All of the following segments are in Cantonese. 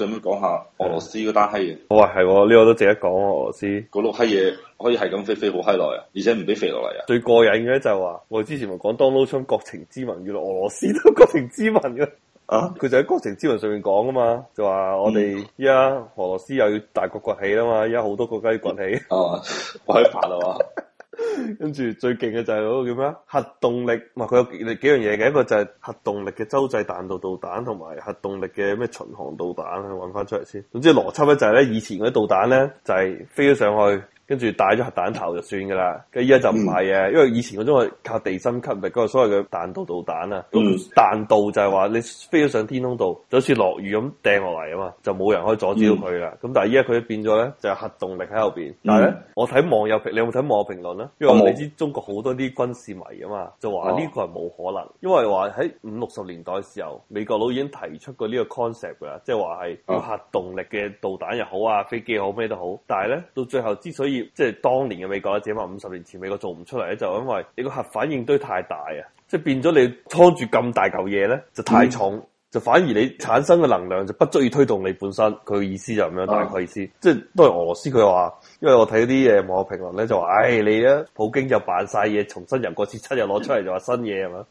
最屘講下俄羅斯嗰單閪嘢，我話係我呢個都值得講。俄羅斯嗰碌閪嘢可以係咁飛飛好閪耐啊，而且唔俾肥落嚟啊！最過癮嘅就係話，我哋之前咪講 Donald Trump 國情之文，原來俄羅斯都國情之文嘅啊！佢就喺國情之文上面講啊嘛，就話我哋而家俄羅斯又要大國崛起啦嘛，而家好多國家要崛起，哦、啊，開扒啦嘛！ 跟住最勁嘅就係嗰個叫咩啊？核動力，係佢有幾幾樣嘢嘅，一個就係核動力嘅洲際彈道導彈，同埋核動力嘅咩巡航導彈，去搵翻出嚟先。總之邏輯咧就係咧，以前嗰啲導彈咧就係、是、飛咗上去。跟住帶咗核彈頭就算噶啦，跟依家就唔係嘅，嗯、因為以前嗰種係靠地心吸力嗰個所謂嘅彈道導彈啊，嗯、彈道就係話你飛咗上天空度，就好似落雨咁掟落嚟啊嘛，就冇人可以阻止到佢啦。咁、嗯、但係依家佢都變咗咧，就係、是、核動力喺後邊。嗯、但係咧，我睇網友評，你有冇睇網友評論咧？因為你知中國好多啲軍事迷啊嘛，就話呢個係冇可能，因為話喺五六十年代嘅時候，美國佬已經提出過呢個 concept 㗎啦，即係話係要核動力嘅導彈又好啊，飛機好咩都好。但係咧，到最後之所以即係當年嘅美國，或者話五十年前美國做唔出嚟咧，就是、因為你個核反應堆太大啊，即係變咗你拖住咁大嚿嘢咧，就太重，嗯、就反而你產生嘅能量就不足以推動你本身。佢嘅意思就咁樣，大概意思。啊、即係都係俄羅斯佢話，因為我睇啲誒網絡評論咧就話，唉、哎、你啊普京就扮晒嘢，重新入過次漆又攞出嚟，就話新嘢係嘛。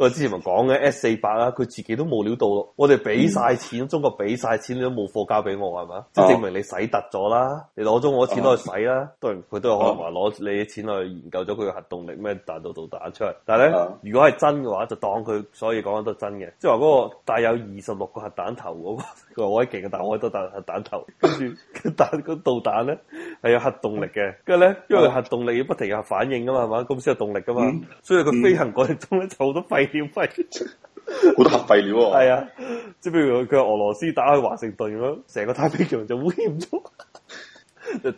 我之前咪講嘅 S 四百啦，佢自己都冇料到，我哋俾晒錢，嗯、中國俾晒錢，你都冇貨交俾我，係嘛？啊、即係證明你使突咗啦，你攞咗我錢去使啦，啊、當然，佢都有可能話攞你嘅錢去研究咗佢嘅核動力咩彈道導彈出嚟。但係咧，啊、如果係真嘅話，就當佢所以講得真嘅，即係話嗰個帶有二十六個核彈頭嗰、那個，佢話好勁嘅我好得彈核彈頭， 跟住跟彈個導彈咧係有核動力嘅，跟住咧因為核動力要不停有反應㗎嘛，係嘛，咁先有動力㗎嘛，嗯、所以佢飛行過程中咧就好多廢。掉廢，好 多核廢料。係啊，即係譬如佢俄羅斯打去華盛頓咁樣，成個太平洋就污染咗，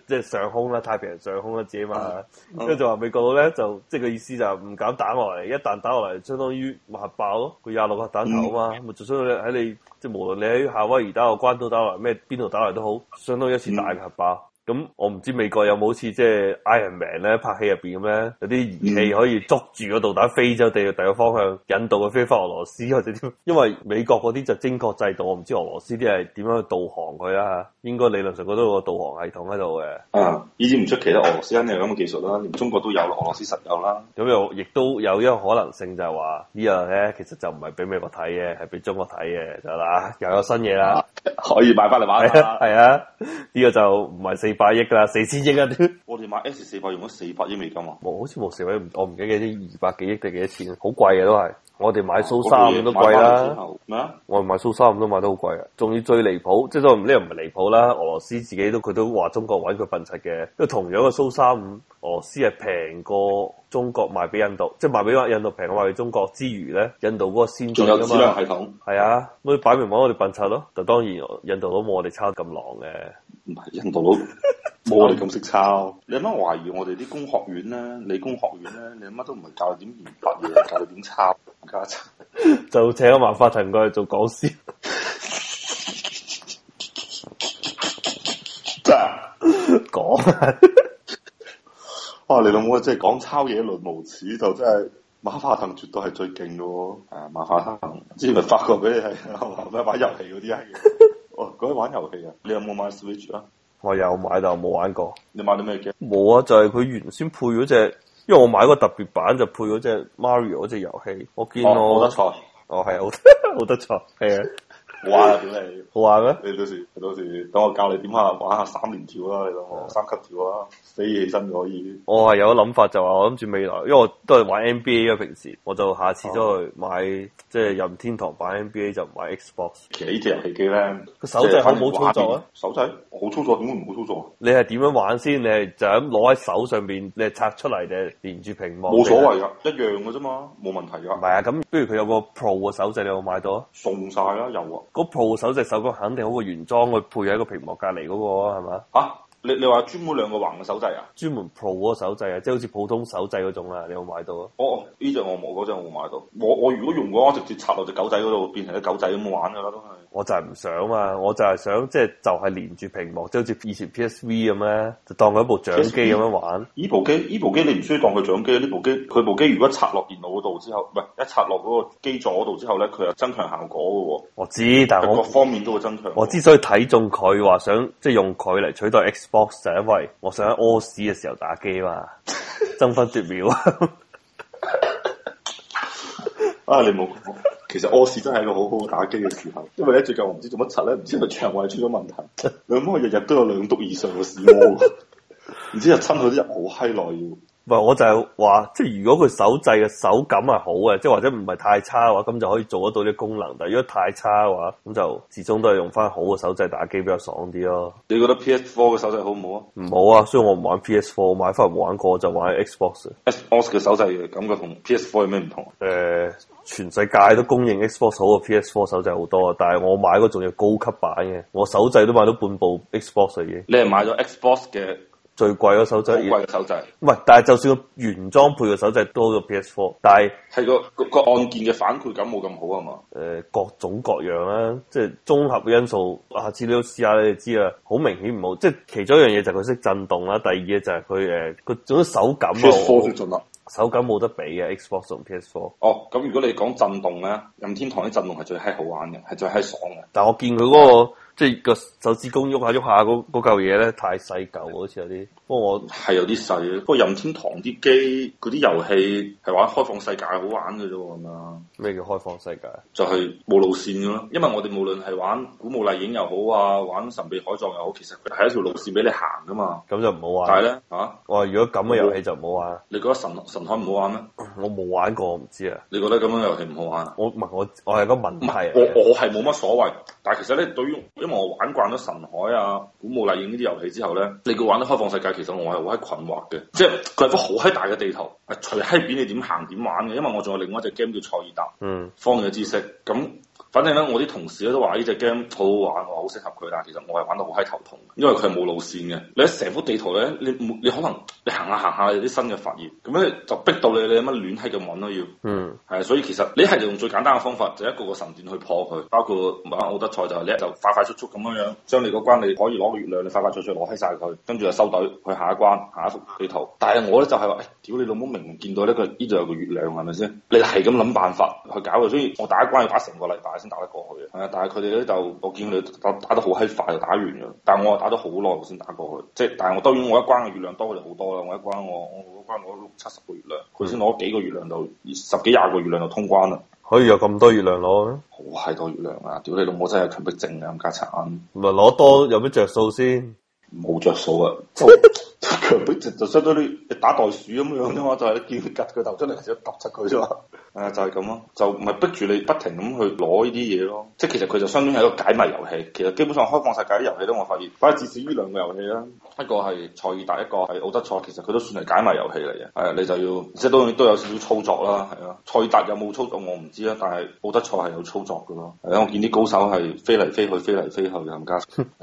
即 係 上空啦，太平洋上空啦自己嘛。跟住、啊啊、就話美國佬咧就，即、就、係、是、個意思就唔敢打落嚟，一旦打落嚟，相當於核爆咯。佢廿六核彈頭啊嘛，咁、嗯、就所以喺你即係、就是、無論你喺夏威夷打落關島打落嚟，咩邊度打落嚟都好，相當於一次大核爆。嗯咁我唔知美國有冇好似即係 Iron Man 咧拍戲入邊咁咧有啲儀器可以捉住個導彈飛咗地月地個方向，引導佢飛翻俄羅斯或者點？因為美國嗰啲就精確制導，我唔知俄羅斯啲係點樣去導航佢啊。吓。應該理論上嗰得有個導航系統喺度嘅。嗯、啊，呢啲唔出奇啦，俄羅斯肯定有咁嘅技術啦，連中國都有俄羅斯實有啦。咁又亦都有一個可能性就係話呢樣咧，其實就唔係俾美國睇嘅，係俾中國睇嘅，就啦，又有新嘢啦、啊，可以買翻嚟玩啦。係啊，呢個就唔係四百億噶啦，四千億啊！ 我哋買 S 四百用咗四百億美金啊！冇，好似冇四位唔，我唔記得啲二百幾億定幾多錢，好貴嘅都係。我哋買蘇三五都貴啦，之後我哋買蘇三五都買得好貴啊！仲要最離譜，即係都呢又唔係離譜啦。俄羅斯自己都佢都話中國搵佢笨柒嘅，因為同樣嘅蘇三五，俄羅斯係平過中國賣俾印度，即係賣俾印度平過賣俾中國之餘咧，印度嗰個先進，仲有質量系統，係啊，咪擺明搵我哋笨柒咯。但係當然，印度都冇我哋差咁狼嘅。唔係印度佬，冇 你咁識抄。你有乜懷疑我哋啲工學院咧、理工學院咧？你乜都唔係教點研發嘢，教點抄，教 就請個馬化騰過去做講師。真講，哇！你老母真係講抄嘢論無恥，就真係馬化騰絕對係最勁嘅。誒、啊，馬化騰之前咪發過俾你係咩玩遊戲嗰啲啊？ 可以玩遊戲啊！你有冇買 Switch 啊？我有買，但我冇玩過。你買啲咩機？冇啊！就係佢原先配咗隻，因為我買個特別版就配咗隻 Mario 嗰隻遊戲。我見我冇、哦、得錯，哦，係啊，好得，得，得錯，係啊。 玩啊，點嚟哇？你好玩咩？你到時到時，等我教你點下玩，玩下三連跳啦，你同我的三級跳啦，死起身就可以。我係有諗法，就話、是、我諗住未來，因為我都係玩 NBA 啊。平時，我就下次都去買，啊、即係任天堂版 NBA 就買 Xbox。其實機呢隻遊戲機咧，個手掣好唔好操作啊？手掣好操作，點會唔好操作啊？你係點樣玩先？你係就咁攞喺手上邊，你係拆出嚟定係連住屏幕？冇所謂噶，一樣噶啫嘛，冇問題噶。唔係啊，咁不如佢有，有個 Pro 嘅手掣，你有冇買到啊？送晒啦，有啊。嗰部手隻手錶肯定好過原裝，佢配喺個屏幕隔離嗰個，係嘛？啊你你話專門兩個橫嘅手掣啊？專門 Pro 嗰個手掣啊，即係好似普通手掣嗰種，你有冇買到啊？哦，哦，我呢隻我冇，嗰隻我冇買到。我我如果用嘅話，我直接插落隻狗仔嗰度，變成一隻狗仔咁玩噶啦都係。我就係唔想啊。我就係想即係就係連住屏幕，即係好似以前 PSV 咁咧，就當佢一部掌機咁樣玩。呢部機，PSV？玩。呢部機你唔需要當佢掌機啊！呢部機佢部機如果插落電腦嗰度之後，唔係一插落嗰個機座嗰度之後咧，佢又增強效果嘅喎。我知，但係我各方面都會增強。我之所以睇中佢，話想即係用佢嚟取代 X。P 博就係我想喺屙屎嘅時候打機嘛，爭分奪秒 啊！你冇，其實屙屎真係一個好好打機嘅時候，因為咧最近我唔知做乜柒咧，唔知個腸胃出咗問題，咁我日日都有兩篤以上嘅屎屙，唔 知又親佢啲人好閪耐要。唔我就係話，即係如果佢手掣嘅手感係好嘅，即係或者唔係太差嘅話，咁就可以做得到啲功能。但係如果太差嘅話，咁就始終都係用翻好嘅手掣打機比較爽啲咯。你覺得 P S Four 嘅手掣好唔好啊？唔好啊，所以我唔玩 P S Four，買翻嚟冇玩過就玩 Xbox。Xbox 嘅手掣感覺同 P S Four 有咩唔同？誒、呃，全世界都公認 Xbox 好過 P S Four 手掣好多，啊，但係我買過仲要高級版嘅，我手掣都買到半部 Xbox 嘅嘢。你係買咗 Xbox 嘅？最貴個手掣，貴個手掣，唔係，但係就算個原裝配個手掣多過 PS Four，但係係個個按鍵嘅反饋感冇咁好啊嘛。誒、呃，各種各樣啦，即係綜合嘅因素，下次你都試下你哋知啦。好明顯唔好，即係其中一樣嘢就係佢識震動啦，第二嘢就係佢誒個嗰手感。手感冇得比嘅。Xbox 同 PS Four。哦,咁如果你講震動咧,任天堂啲震動係最嗨好玩嘅,係最嗨爽嘅。但係我見佢嗰個。即係個手指公喐下喐下，嗰嚿嘢咧太細嚿，好似有啲。不過我係有啲細嘅。不過任天堂啲機嗰啲遊戲係玩開放世界好玩嘅啫喎，咁樣。咩叫開放世界？就係冇路線咯。因為我哋無論係玩古墓麗影又好啊，玩神秘海盜又好，其實係一條路線俾你行噶嘛。咁就唔好玩。但係咧嚇，我話如果咁嘅遊戲就唔好玩。你覺得神神海唔好玩咩？我冇玩過，我唔知啊。你覺得咁樣嘅遊戲唔好玩啊？我唔我我係個問題唔係我我係冇乜所謂。但係其實咧對於。因為我玩慣咗神海啊、古墓麗影呢啲遊戲之後咧，你叫玩得開放世界，其實我係好喺困惑嘅，即係佢係幅好閪大嘅地圖，係隨閪便你點行點玩嘅。因為我仲有另外一隻 game 叫塞爾達，嗯，荒野之息咁。嗯反正咧，我啲同事咧都話呢隻 game 好好玩，我好適合佢，但係其實我係玩到好嗨頭痛，因為佢係冇路線嘅。你喺成幅地圖咧，你你可能你行下、啊、行下有啲新嘅發現，咁咧就逼到你你有乜亂閪咁揾都要。嗯，係，所以其實你係用最簡單嘅方法，就是、一個個神殿去破佢。包括玩奧德賽就係、是、咧，你就快快速速咁樣樣，將你個關你可以攞個月亮，你快快速速攞起晒佢，跟住就收隊去下一關下一幅地圖。但係我咧就係、是、話、哎，屌你老母明明見到呢個呢度有個月亮係咪先？你係咁諗辦法去搞嘅，所以我第一關要打成個禮拜。先打得過去嘅，係啊！但係佢哋咧就，我見佢打打得好閪快就打完咗。但係我又打咗好耐，我先打過去。即係，但係我當然我一關嘅月亮多佢哋好多啦。我一關我我一關攞六七十個月亮，佢先攞幾個月亮就十幾廿個月亮就通關啦。可以有咁多月亮攞？好係多月亮啊！屌你老母真係強迫症啊，咁加殘。唔係攞多有咩着數先？冇着數啊！ 佢就 就相當於打袋鼠咁樣啫嘛，就係、是、你見夾佢頭出嚟就揼出佢啫嘛。誒，就係咁咯，就唔係逼住你不停咁去攞呢啲嘢咯。即係其實佢就相當係一個解謎遊戲。其實基本上開放世界啲遊戲都我發現，反正至少呢兩個遊戲啦，一個係賽爾達，一個係奧德賽，其實佢都算係解謎遊戲嚟嘅。係啊，你就要即係當然都有少少操作啦，係啊。賽爾達有冇操作我唔知啦，但係奧德賽係有操作㗎咯。係啊，我見啲高手係飛嚟飛去，飛嚟飛去咁加。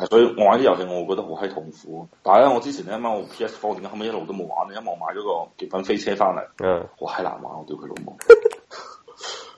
所以我玩啲遊戲我會覺得好閪痛苦。但係、啊、咧，我之前咧，啱啱 PS4 點解後尾一路都冇玩？因為我買咗個極品飛車翻嚟，好閪 Yeah. 難玩，我屌佢老母，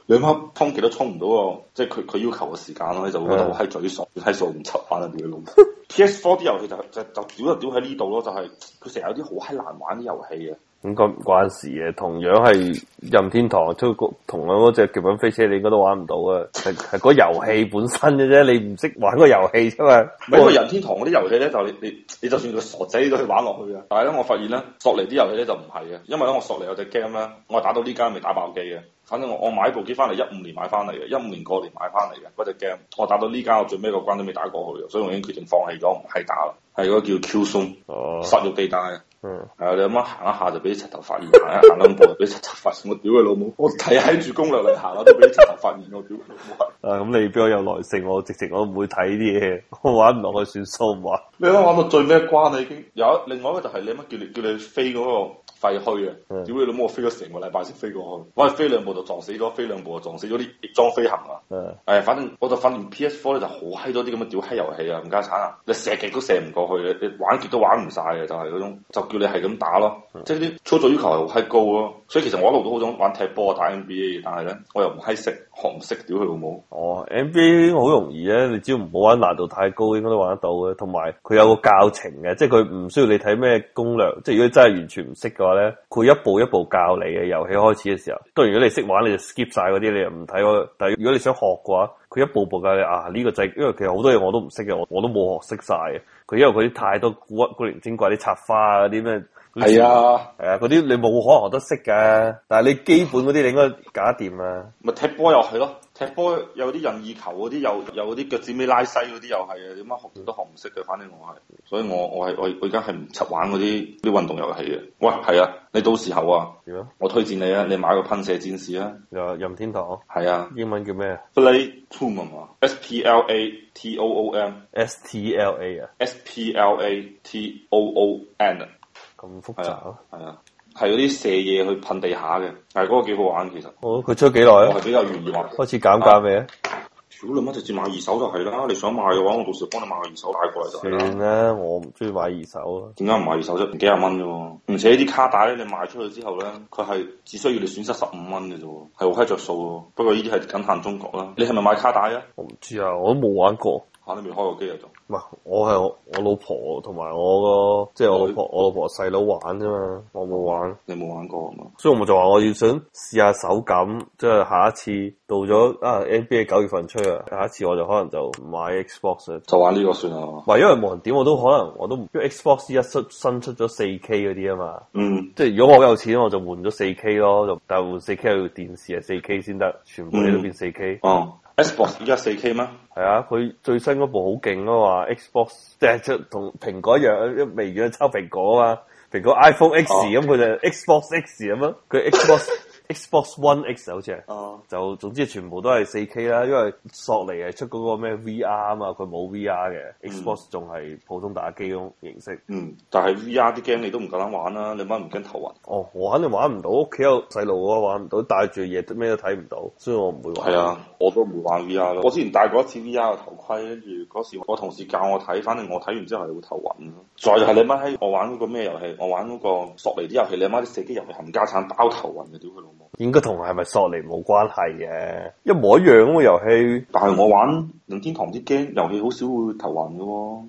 兩刻 通極都充唔到個，即係佢佢要求嘅時間咯，你就覺得好閪沮喪，係做唔出翻啊！屌佢老母，PS4 啲遊戲就就就屌一屌喺呢度咯，就係佢成日有啲好閪難玩啲遊戲啊。咁關唔關事嘅？同樣係任天堂出同樣嗰隻極品飛車，你應該都玩唔到啊。係係嗰遊戲本身嘅啫，你唔識玩個遊戲啫嘛。因為任天堂嗰啲遊戲咧，就你你你就算佢傻仔都可以玩落去啊。但係咧，我發現咧，索尼啲遊戲咧就唔係嘅，因為咧我索尼有隻 game 啦。我打到呢間未打爆機嘅。反正我我買部機翻嚟一五年買翻嚟嘅，一五年過年買翻嚟嘅嗰隻 game，我打到呢間我最尾個關都未打過去嘅，所以我已經決定放棄咗唔係打啦，係嗰叫 Q 松哦，殺戮地帶。嗯，係啊！你阿媽行一下就俾柒頭發現，行一下兩步就俾柒頭發現。我屌佢老母！我睇喺住攻略嚟行下，都俾柒頭發現。我屌佢老母！老誒、啊，咁、嗯、你比較有耐性，我直情我唔會睇啲嘢，我玩唔落去算數嘛。你啱玩到最咩關你？已經有另外一個就係你啱叫你叫你飛嗰、個。廢墟啊！屌的你老母，我飛咗成個禮拜先飛過去，我係飛兩步就撞死咗，飛兩步就撞死咗啲翼裝飛行啊！誒的，反正我呢就發現 PS4 咧就好閪多啲咁嘅屌閪遊戲啊！冚家鏟啊，你射極都射唔過去嘅，你玩極都玩唔晒嘅，就係、是、嗰種，就叫你係咁打咯。的即係啲操作要求係好閪高咯，所以其實我一路都好想玩踢波打 NBA，但係咧我又唔閪識，學唔識，屌佢老母！哦，NBA 好容易啊，你只要唔好玩難度太高，應該都玩得到嘅。同埋佢有個教程嘅，即係佢唔需要你睇咩攻略。即係如果真係完全唔識嘅話，咧佢一步一步教你嘅遊戲開始嘅時候，當然如果你識玩你就 skip 晒嗰啲，你又唔睇我。但係如果你想學嘅話，佢一步步教你啊呢、個掣、就係，因為其實好多嘢我,我都唔識嘅，我我都冇學識晒嘅。佢因為佢啲太多古骨古靈精怪啲插花啊啲咩係啊係嗰啲你冇可能學得識噶，但係你基本嗰啲你應該搞得掂啊。咪、嗯、踢波入去咯。踢波有啲任意球嗰啲，又有啲腳趾尾拉西嗰啲又係啊！點解學都學唔識嘅，反正我係，所以我我係我我而家係唔識玩嗰啲啲運動遊戲嘅。喂，係啊，你到時候啊，樣我推薦你啊，你買個噴射戰士啊，又任天堂，係啊，英文叫咩啊？Splatoon 啊，S P L A T O O N s, s T L A 啊，S, s P L A T O O N，咁複雜啊？係啊。係嗰啲射嘢去噴地下嘅，但係嗰個幾好玩其實。哦，佢出咗幾耐啊？我係比較願意玩開始減價未啊？屌你媽，直接買二手就係啦、啊！你想買嘅話，我到時幫你買個二手帶過嚟就係啦。算啦，我唔中意買二手咯、啊。點解唔買二手啫、啊？幾廿蚊啫？而且呢啲卡帶咧，你賣出去之後咧，佢係只需要你損失十五蚊嘅啫，係好閪着數咯。不過呢啲係僅限中國啦。你係咪買卡帶啊？我唔知啊，我都冇玩過。我都未開過機啊！仲唔係？我係我老婆同埋我個，即係我老婆，我，我老婆細佬玩啫嘛。我冇玩，你冇玩過係嘛？所以我咪就話我要想試下手感，即係下一次到咗啊！NBA 九月份出啊，下一次我就可能就唔買 Xbox 啦。就玩呢個算啦。係，因為冇人點，我都可能我都，因為 Xbox 一出新出咗四 K 嗰啲啊嘛。嗯，即係如果我有錢，我就換咗四 K 咯。就但換四 K 要電視係四 K 先得，全部都要變四 K、嗯。哦、嗯。Xbox 而家四 K 嗎？係啊，佢最新嗰部好勁啊。喎，Xbox 即係即係同蘋果一樣，一微軟抄蘋果啊，蘋果 iPhone X 咁佢、oh, okay. 就 Xbox X 咁樣，佢 Xbox。Xbox One X 好似啊，嗯、就總之全部都係 4K 啦，因為索尼係出嗰個咩 VR 啊嘛，佢冇 VR 嘅，Xbox 仲係普通打機咯形式。嗯，但係 VR 啲 game 你都唔夠膽玩啦，啊，你媽唔驚頭暈？哦，我肯定玩唔到，屋企有細路嘅玩唔到，戴住嘢都咩都睇唔到，所以我唔會玩。係啊，我都唔會玩 VR 咯。我之前戴過一次 VR 嘅頭盔，跟住嗰時我同事教我睇，反正我睇完之後會頭暈咯。再就係你媽喺我玩嗰個咩遊戲？我玩嗰個索尼啲遊戲，你媽啲射擊遊戲冚家鏟包頭暈嘅，屌佢老應該同係咪索尼冇關係嘅、啊，一模一樣個遊戲。但係我玩任天堂啲 game 遊戲好少會頭暈嘅喎。